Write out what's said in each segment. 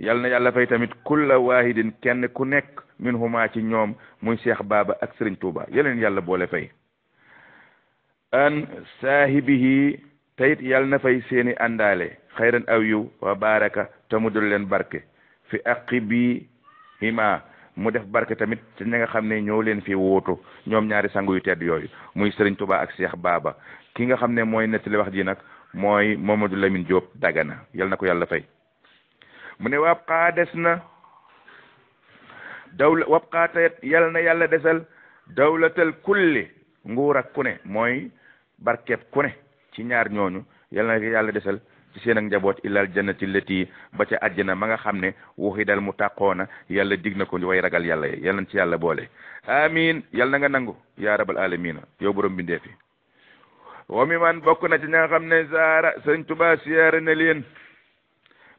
yal na yàlla fay tamit kulla waahidin kenn ku nekk min huma ci ñoom muy Cheikh baaba ak Serigne Touba yeleen yàlla boole fay an saahibihi tayit yal na fay seeni àndaale xayran aw yiw wa baraka te mu dul leen barke fi aqibi hima mu def barke tamit ci na nga xam ne ñëw leen fi wóotu ñoom ñaari sangu yu tedd yooyu muy seriñ Touba ak Cheikh baaba ki nga xam ne mooy nettali wax ji nag mooy Mamadou Lamine Diop Dagana yal na ko yàlla fay mu ne wabqaa des na dawla wabqaa te yal na yàlla desal dawlatal kulli nguur ak ku ne mooy barkeeb ku ci ñaar ñooñu yal yàlla desal ci seen ak njaboot illal jannati lati ba ca àjjana ma nga xam ne wuxi dal mu tàqoona yàlla dig na ko way ragal yàlla ye yal ci yàlla boole amin yal nga nangu yaa rabal alamina yow borom fi wa mi man bokk ci ña nga xam ne zaara sëriñ Tuubaa siyaare na leen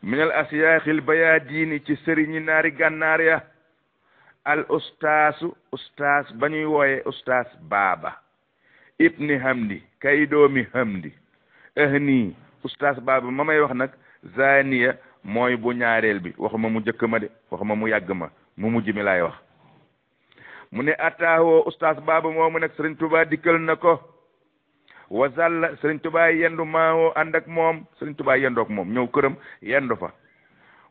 minal asiyaaxil bayaadiini ci sëriñi naari gànnaar ya al ustaasu ustaas ba ñuy wooye ustaas baaba ibni hamdi kay doomi hamdi ahni eh ustaas baaba ma may wax nag zaniya mooy bu ñaareel bi waxuma mu jëkk ma de waxuma mu yàgg ma mu mujj mi laay wax mu ne attaawoo ustaas baaba moomu nag sëriñ Tuubaa dikkal na ko wasalla sëriñ Tuubaa yendu maawoo ànd ak moom sëriñ Tuubaa yendook moom ñëw këram yendu fa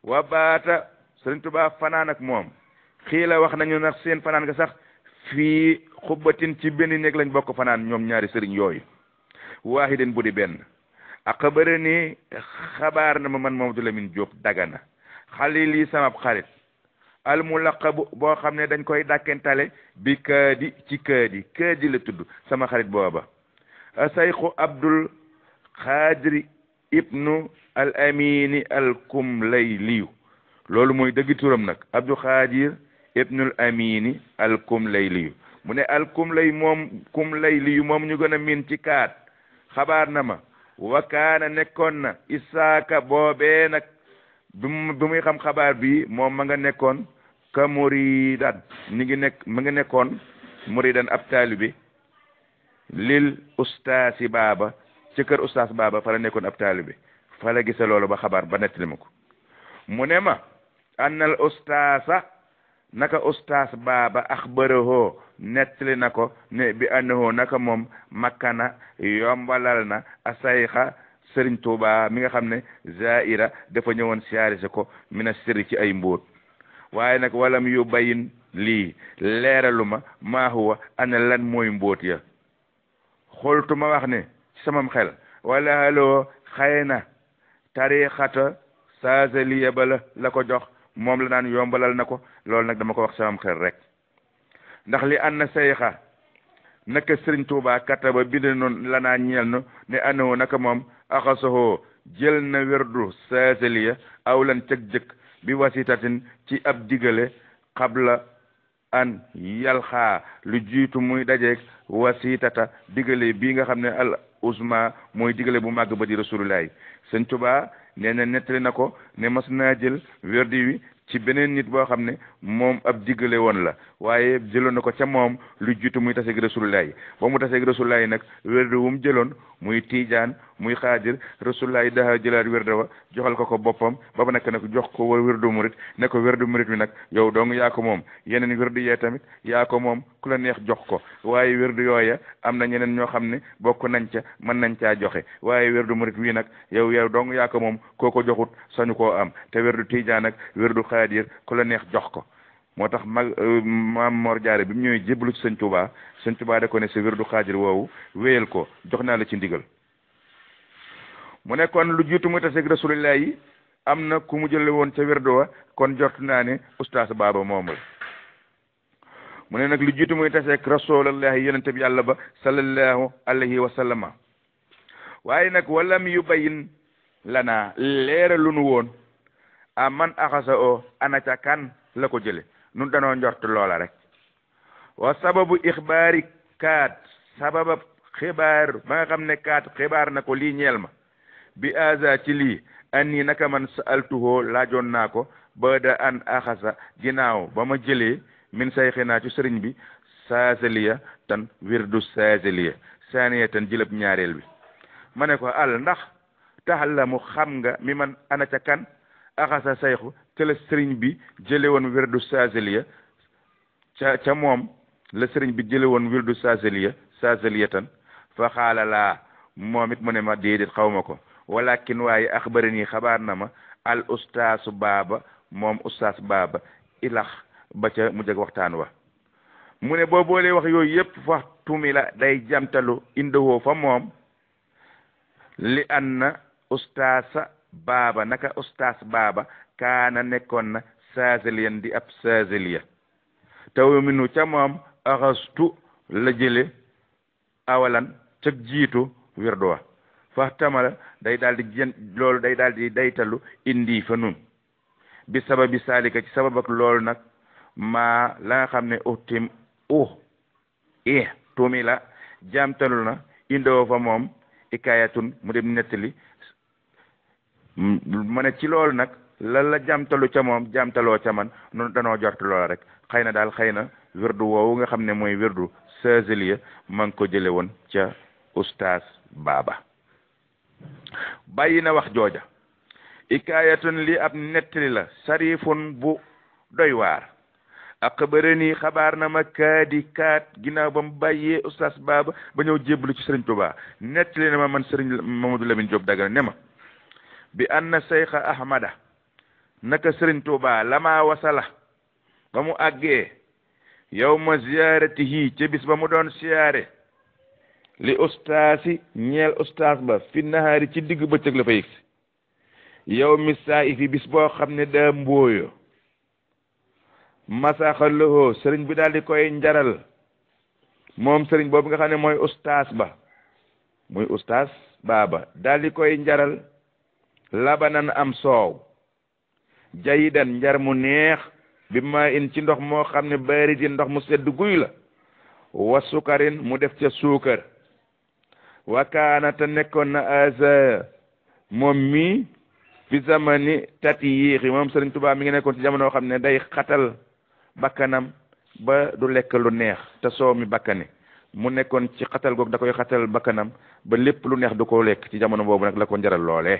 wa baata sëriñ Tuubaa fanaan ak moom xiila wax nañu nag seen fanaan nga sax fii xubbatin ci benn néeg lañ bokk fanaan ñoom ñaari sëriñ yooyu waahidin bu di benn axabara ni xabaar na ma man moom Mamadou Lamine Diop Dagana xalil yi samab xarit al mulaqabu boo xam ne dañ koy dàkkentale bi kaadi ci kaadi kaadi la tudd sama xarit booba sayxu abdul xaadiri ibnu al amini al kumlayliyu loolu mooy dëgg turam nag abdul xaadir ibnul amini al kumlayliyu mu ne al kumlay moom kumlayliyu moom ñu gën a miin ci kaat xabaar na ma wakaana nekkoon na isaaka boobee nag bi muy xam xabaar bi moom ma nga nekkoon ka muridan mi ngi nekk mu nga nekkoon muridan ab taalibe lil ustaasi baaba ci kër ustaas baaba fa la nekkoon ab taalibe fa la gise loolu ba xabaar ba nettali ko mu ne ma annal ustaasa naka ustaas baaba axbarahoo nettali na ko ne bi annahoo naka moom makkana yombalal na asayxa sëriñ tuuba mi nga xam ne zaira dafa ñëwoon siyaare si ko mina sëri ci ay mbóot waaye nag walam yu bayin lii leeralu ma maa huwa ana lan mooy mbóot ya xooltuma wax ne ci samam xel wala aloo xëy na tarixata saasaliya ba la la ko jox moom la naan yombalal na ko loolu nag dama ko wax samam xel rek ndax li an na sayxa naka sëriñ Tuubaa katta ba bind la naa ñeel nu ne anoo naka moom axasahoo jël na werdu saasaliya awlan cëg jëkk bi wasitatin ci ab digale xabla an yalxaa lu jiitu muy dajeeg wasiitata digale bii nga xam ne al usma mooy digale bu màgg ba di rasulullah sëñ Tuba nee na nettali na ko ne mas naa jël werdi ci beneen nit boo xam ne moom ab diggale woon la waaye jëloon na ko ca moom lu jiitu muy taseeg rasulullahi ba mu taseeg rasulullahi nag wérde wu jëloon muy tiijaan muy xaadir rasulullahi daha jëlaat wérde wa joxal ko ko boppam ba ba nak nag jox ko wérdu murit ne ko wérdu murit bi nag yow dong yaa moom yeneen wérdu yee tamit yaa ko moom ku la neex jox ko waaye wérdu yooya am na ñeneen ñoo xam ne bokk nañ ca mën nañ caa joxe waaye wérdu murit wii nag yow yow dong yaa ko moom koo ko joxut sañu koo am te wérdu tiijaan ak wérdu xaadir ku la neex jox ko moo tax mag euh, maam Mor Jaare bi mu ñëwee jébbalu ci sëñ Touba sëñ Touba da ko ne sa wérdu xaadir woowu wéyal ko jox naa la ci ndigal mu ne lu jiitu muy taseeg rasulillah am na ku mu jële woon ca wérdu wa kon jot naa ne ustaas baaba moomul mu ne nag lu jiitu muy taseeg rasulallah yi yonente yàlla ba sallallahu alayhi wa sallama waaye nag walam yu bayin lanaa leera lu nu woon a man axasa o ana ca kan la ko jële nun danoo njort loola rek wa sababu ixbaari kaat sababa xibaar ba nga xam ne kaat xibaar na ko lii ñeel ma bi aza ci lii anni naka man saaltuhoo laajoon naa ko ba da an axasa ginnaaw ba ma jëlee min sayxinaa ci sëriñ bi saasaliya tan wirdu saasaliya saaniya tan jëlëb ñaareel bi ma ne ko al ndax taxala mu xam nga mi man ana ca kan axasa sayxu ca bi jële woon wirdu saazeliya ca ca moom la sëriñ bi jële woon wirdu saazeliya saazeliya tan fa xaala laa mu ne ma déedéet xaw ma ko kin waaye axbari nii xabaar na ma al ustaasu baaba moom ustaas baaba ilax ba ca mu jeg waxtaan wa mu ne boo boolee wax yooyu yépp wax day jamtalu indowoo fa moom li anna ustaasa baaba naka ustaas baaba kaana nekkoon na saaziliyan di ab saaziliya taw minu ca moom axastu la jële awalan ca jiitu wirdu wa fax tamala day daal di jën day daal di daytalu indi fa nun bi sababi saalika ci sababak loolu nag maa la xam ne uhtim uh i eh, tumi la jaamtalu na indoo fa moom ikaayatun mu dem nettali ma ne ci lool nag lan la jàmtalu ca moom jàmtaloo ca man noonu danoo jortu loola rek xëy na daal xëy na wirdu woowu nga xam ne mooy wirdu sazilia ma ngi ko jële woon ca ustaas baaba bàyyi na wax jooja ikaayatun li ab nettali la sarifun bu doy waar axbarani xabaar na ma kaadi kaat ginnaaw ba mu bàyyee ustaas baaba ba ñëw jébbalu ci sëriñ Tuubaa nettali na ma man sëriñ Mamadou Lamine Diop Dagana ne ma bi anna seyxa ahmada naka sëriñ Tuuba lama wasala ba mu àggee yow ma ziyaaratihi ca bis ba mu doon siyaare li ustaasi ñeel ustaas ba fi nahaari ci digg bëccëg la fa yëg si yow mi ifi bis boo xam ne daa mbóoyo masaxallohoo sëriñ bi daal koy njaral moom sëriñ boobu nga xam ne mooy ustaas ba muy ustaas baaba daldi koy njaral labanan am soow jayidan njar mu neex bi ma in ci ndox moo xam ne baaritin ndox mu sedd guy la wa sukarin mu def ca suukar wa kaana te nekkoon na asa moom mii fi zamani tati yéexi moom Sëriñ Tuubaa mi ngi nekkoon ci jamono xam ne day xatal bakkanam ba du lekk lu neex te soow mi bakkane mu nekkoon ci xatal goog da koy xatal bakkanam ba lépp lu neex du ko lekk ci jamono boobu nag la ko njaral loole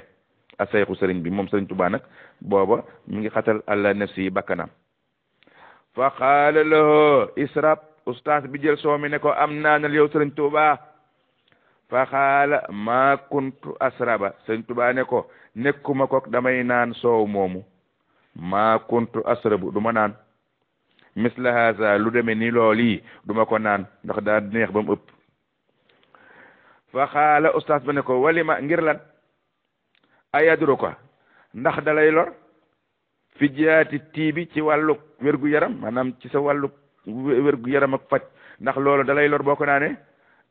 a sayxu sëriñ bi moom sëriñ Tuubaa booba mi ngi xatal àla nafsi yi bakkanam fa qaala lahu israb ustaas bi jël ne ko am naanal yow sëriñ Tuubaa fa qaala maa kuntu asraba sëriñ Tuubaa ne ko nekkuma ko damay naan soow moomu maa kuntu asrabu duma naan misla haza lu deme ni lool yi duma ko naan ndax daa neex bam mu ëpp fa qaala ustaas ba ne ko walima ngir lan a ayadro ko ndax dalay lor fi jaati tiibi ci wàllu wérgu yaram maanaam ci sa wàllu wérgu yaram ak faj ndax loolu dalay lor boo ko naane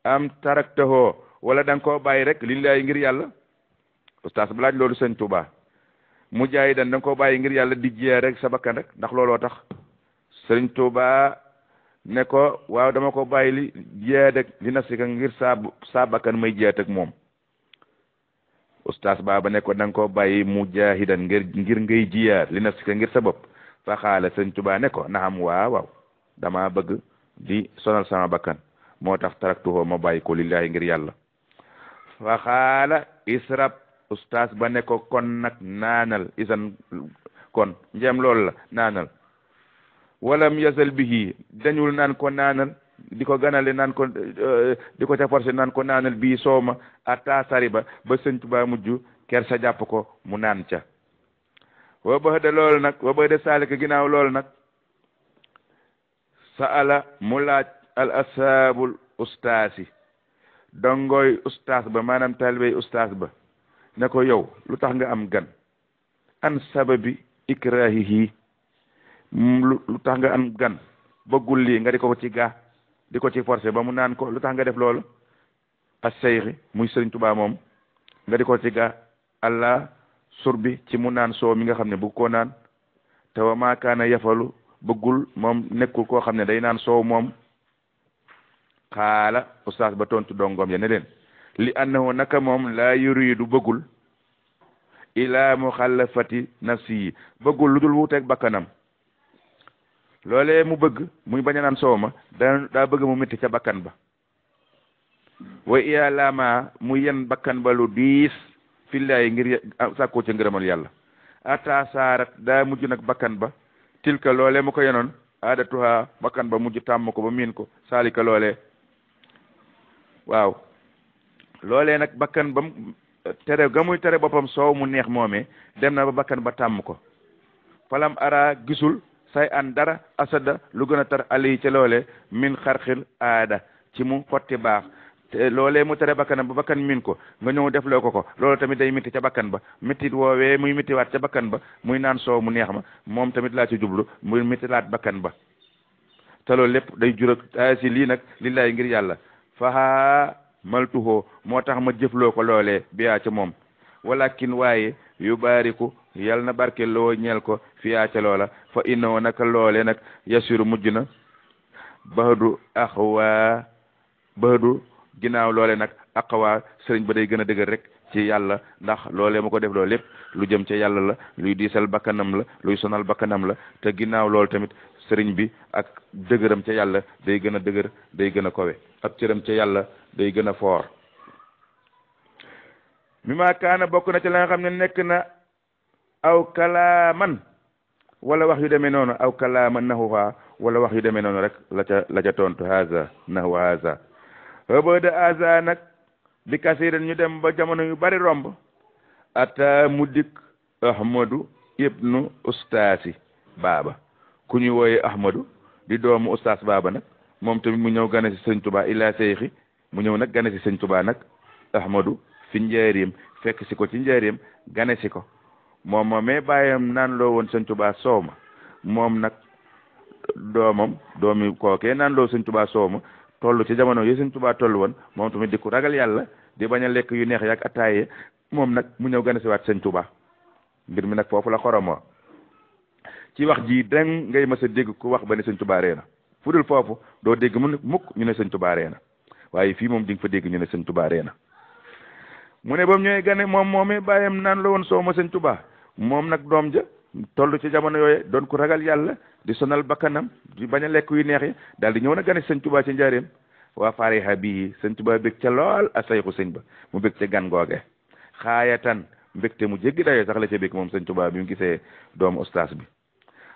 am taraktahoo wala da nga koo bàyyi rek lillahi ngir yàlla oustaz loolu sëñ mu jaay da nga koo bàyyi ngir yàlla di jiyee rek sa bakkan rek ndax looloo tax sëñ Tuuba ne ko waaw dama ko bàyyi li jiyee rek li nafsika ngir saa saa may jiyaat ak moom oustaz baaba ne ko da nga ko bàyyi mujahidan ngir ngir ngay jiyaar li naf si ngir sa bopp fa xaala sëñ tubaa ne ko naxam waaw waaw dama bëgg di sonal sama bakkan moo tax taraktuhoo ma bàyyi ko lillahi ngir yàlla fa xaala israb oustaz ba ne kon nag naanal isan kon njem loolu la naanal walam yasal bihi dañul naan ko naanal di ko ganale naan ko euh, di ko ca naan ko naanal bii soow ma atta ba ba sëñ Tuubaa mujj ker sa jàpp ko mu naan ca wa ba de loolu nag wa ba de saalika ginnaaw loolu nag sa ala mu laaj al asaabul ustaasi dongoy ustaas ba maanaam taalibey ustaas ba ne ko yow lu tax nga am gan an sababi ikrahihi lu tax nga am gan bëggul lii nga di ko ci gaa di ko ci forcé ba mu naan ko lu tax nga def loolu as seyxi muy sëriñ tubaa moom nga di ko ci ga allah surbi ci mu naan soow mi nga xam ne bëgg koo naan te wa maakaana yafalu bëggul moom nekkul koo xam ne day naan soow moom xaala ustaas ba tontu dongoom ya ne leen li annahu naka moom laa yuridu bëggul ilaa muxallafati nafsi yi bëggul lu dul wuuteeg bakkanam loolee mu bëgg mu bañ naan soow ma daa bëgg mu métti ca bakkan ba way iya mu yen bakkan ba lu diis fillaay ngir sàkkoo ca ngërëmal yàlla ata saarat daa mujj nag bakkan ba tilka loolee mu ko yenoon aadatuha bakkan ba mujj tàmm ko ba miin ko saalika loolee waaw loolee nag bakkan ba mu tere ga muy tere boppam soow mu neex moomee dem na ba bakkan ba tàmm ko falam ara gisul say an dara asada lu gën a tar ali ci loole min xarxil aada ci mu xotti baax loolee mu tere bakkanam ba bakkan miin ko nga ñëw def loo ko ko loolu tamit day mitti ca bakkan ba mittit woowee muy mittiwaat ca bakkan ba muy naan soow mu neex ma moom tamit laa ci jublu muy mittilaat bakkan ba te loolu lépp day jurak si lii nag lillaay ngir yàlla fahaa maltuhoo moo tax ma jëfloo ko loolee biyaa ca moom kiin waaye yu baariku yal na barke loo ñeel ko fiyaa ca loola fa innoo naka loole nag yasiru mujj na baxadu axwaa baxadu ginnaaw loole nag aqawaa sëriñ ba day gën a dëgër rek ci yàlla ndax loolee mu ko def loolu lépp lu jëm ca yàlla la luy diisal bakkanam la luy sonal bakkanam la te ginnaaw loolu tamit sëriñ bi ak dëgëram ca yàlla day gën a dëgër day gën a kowe ak cëram ca yàlla day gën a foor mi maa kaana bokk na ci xam ne nekk na aw kalaaman wala wax yu demee noonu aw kalaaman nahuha wala wax yu demee noonu rek la ca la ca tontu haza nahu haza hëbëda haza nag bi ñu dem ba jamono yu bari romb ata mu dikk ahmadu ibnu ustaasi baaba ku ñu wooye ahmadu di doomu ustaas baaba nag moom tamit mu ñëw gane si sëñ tubaa illaa seyxi mu ñëw nag gane si sëñ tubaa nag ahmadu fi njaareem fekk si ko ci njaareem gane si ko moom moomee bàyyam naan loo woon sëñ Tuubaa soow ma moom nag doomam doomi kookee naan loo sëñ tubaa soow ma toll ci jamono yi sëñ tubaa toll woon moom tamit di ku ragal yàlla di bañ a lekk yu neex yaak ataaye moom nag mu ñëw gën a siwaat sëñ Tuubaa mbir mi nag foofu la xoromoo ci wax jii deng ngay mës a dégg ku wax ba ne sëñ Tuubaa ree na fu dul foofu doo dégg mu mukk ñu ne sëñ Tuubaa ree na waaye fii moom di nga fa dégg ñu ne sëñ Tuubaa ree na mu ne ba mu ñëwee gane moom moomee bàyyam naan la woon sooma ma sëñ moom nag doom ja toll ci jamono yooye doon ko ragal yàlla di sonal bakkanam di bañ a lekk yu neex yi daal di ñëw na gane sëñ tubaa ci njaareem waa fariha bii sëñ Tuubaa bég ca lool a sayxu sëñ ba mu bég ca gan googe xaayatan mu jéggi dayoo sax la ca bég moom sëñ tubaa bi mu gisee doomu ustaas bi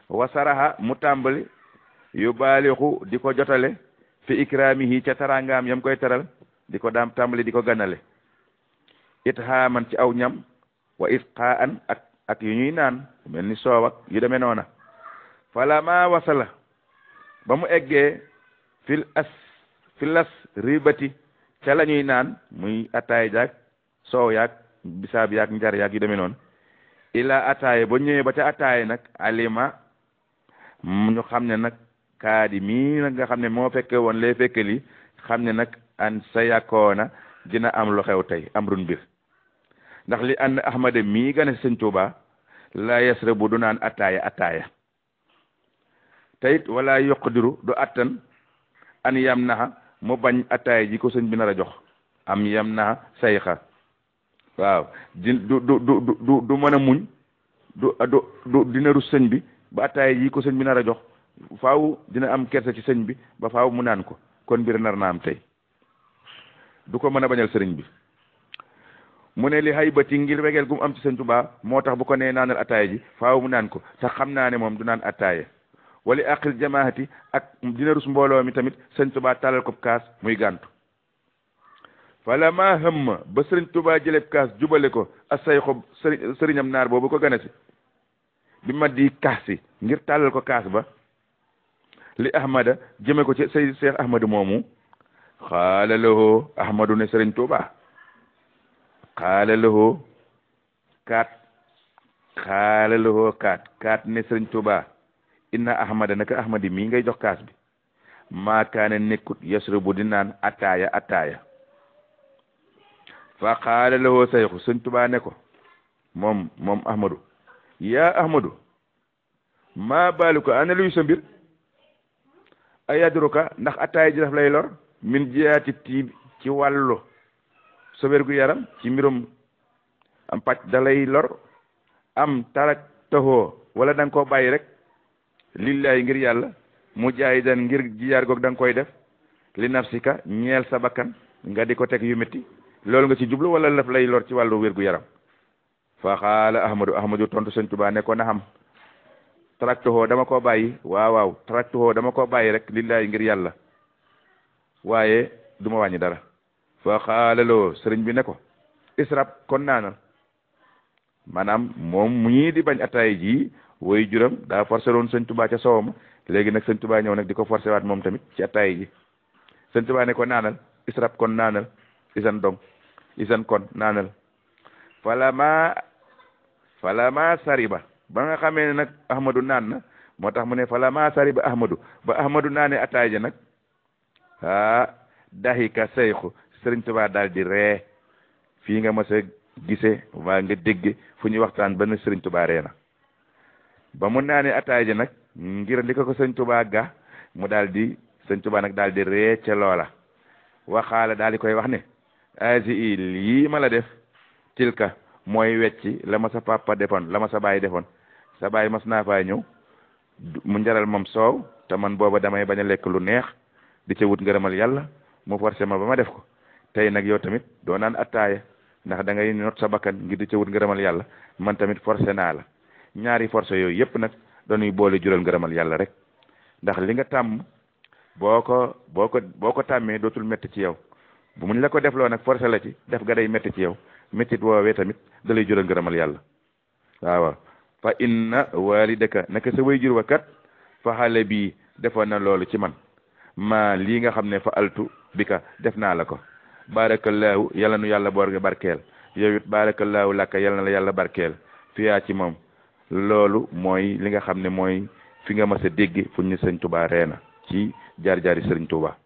wasaraha mu tàmbali yu baalixu di ko jotale fi ikraamihi ca tarangaam yam koy teral di ko daam tàmbali di ko ganale it itxaaman ci aw ñam wa isqaan ak ak yu ñuy naan mel ni soowak ak yu demee noona falama wasala ba mu eggee fil as filas ribati ca la ñuy naan muy ataay jaag soow yaag bisaab yaag njar yaag yu demee noonu ila ataaya ba ñëwee ba ca ataaya nag alima ñu xam ne nag kaadi mii nag nga xam ne moo fekke woon lay fekkeli xam ne nag an sa dina am loxew tey am run mbir ndax li an ahmada mii gane sëñ Tuuba la yasra bu du naan attaaya attaaya tayit wala yoqdiru du attan an yam naxa mu bañ attaaya ji ko sëñ bi nar a jox am yam naxa sayxa waaw du dina sëñ bi ba attaaya ji ko sëñ nar a jox faaw dina am kersa ci sëñ bi ba faaw mu naan ko kon mbir na na am tey du ko mën a bañal sëriñ bi mu ne li haybati ngir wegeel gu am ci sëñ Tuubaa moo tax bu ko nee naanal ataaya ji faaw mu naan ko te xam naa ne moom du naan ataaya wala aqil jamaahati ak dina rus mbooloo mi tamit sëñ Tuubaa talal ko kaas muy gàntu falama hëmma ba sëriñ Tuubaa jëleb kaas jubale ko a say xob sëriñam naar boobu ko gane si bi ma di kaasi ngir tàllal ko kaas ba li ahmada jëme ko ci say Seex Ahmadu moomu xaala Ahmadu ne sëriñ Tuubaa xaala lahoo kaat xaala lahoo kaat kaat ne sëriñ Tuuba inna ahmada naka ahmadi mii ngay jox kaas bi maakaane nekkut yasrubu di naan ataaya ataaya fa xaala lahoo sayxu sëriñ Tuuba ne ko moom moom ahmadu yaa ahmadu maa baalu ko ana luy sa mbir ayadruka ndax ataaya ji lay lor min jiyaati tiib ci wàllu sa wérgu yaram ci mbirum am pàcc da lay lor am tarak taxoo wala da nga koo bàyyi rek lillaay ngir yàlla mu jaay dan ngir jiyaar goog danga koy def li nafsika ñeel sa bakkan nga di ko teg yu métti loolu nga ci jublu wala laf lay lor ci wàllu wérgu yaram fa xaala ahmadu ahmadu tontu sëñ Tuubaa ne ko na dama ko bàyyi waaw waaw taraktuhoo dama koo bàyyi rek lillaay ngir yàlla waaye duma wàññi dara fa xaalaloo sëriñ bi ne ko israb kon naana maanaam moom mu di bañ ataay ji woy juram daa forcé loon sëñ tubaa ca sowam léegi nag sëñ tubaa ñëw nag di ko forcé waat moom tamit ci ataay ji sëñ tubaa ne ko naanal israb kon naanal isan dong isan kon naanal falama falama sariba ba nga xamee ne nag ahmadu naan na moo tax mu ne falama sariba ahmadu ba ahmadu naane ataay nag aa seyxu sëriñ Tuubaa daal di ree fii nga mas a waa nga dégg fu ñuy waxtaan ba ne sëriñ Tuubaa ree na ba mu naanee ataay ji nag ngir li ko ko sëriñ Tuubaa ga mu daal di sëriñ Tuubaa nag daal di ree ca loola waxaala daal di koy wax ne asi i lii ma la def tilka mooy wecci la ma sa papa defoon la ma sa baay defoon sa baay mas naa faa ñëw mu njaral moom soow te man booba damay bañ lekk lu neex di ca wut ngërëmal yàlla mu forcé ma ba ma def ko tey nag yow tamit doo naan attaaya ndax da ngay not sa bakkan ngir di ca wut ngërëmal yàlla man tamit forcé naa la ñaari forcé yooyu yëpp nag dañuy boole jural ngërëmal yàlla rek ndax li nga tàmm boo ko boo ko boo ko tàmmee dootul métti ci yow bu muñ la ko defloo nag forcé la ci def nga day métti ci yow méttit woowee tamit da jural ngërëmal yàlla waaw fa inna walidaka naka sa way jur wa kat fa xale bii defoon na loolu ci man ma lii nga xam ne fa altu bi def naa la ko baarakallaahu yala nu yàlla borge barkeel yow it baarakallaahu làkka yàlla na la yàlla barkeel fiyaa ci moom loolu mooy li nga xam ne mooy fi nga mas a dégg fu ñu sëñ Touba reena ci jaar jaari sëriñ Touba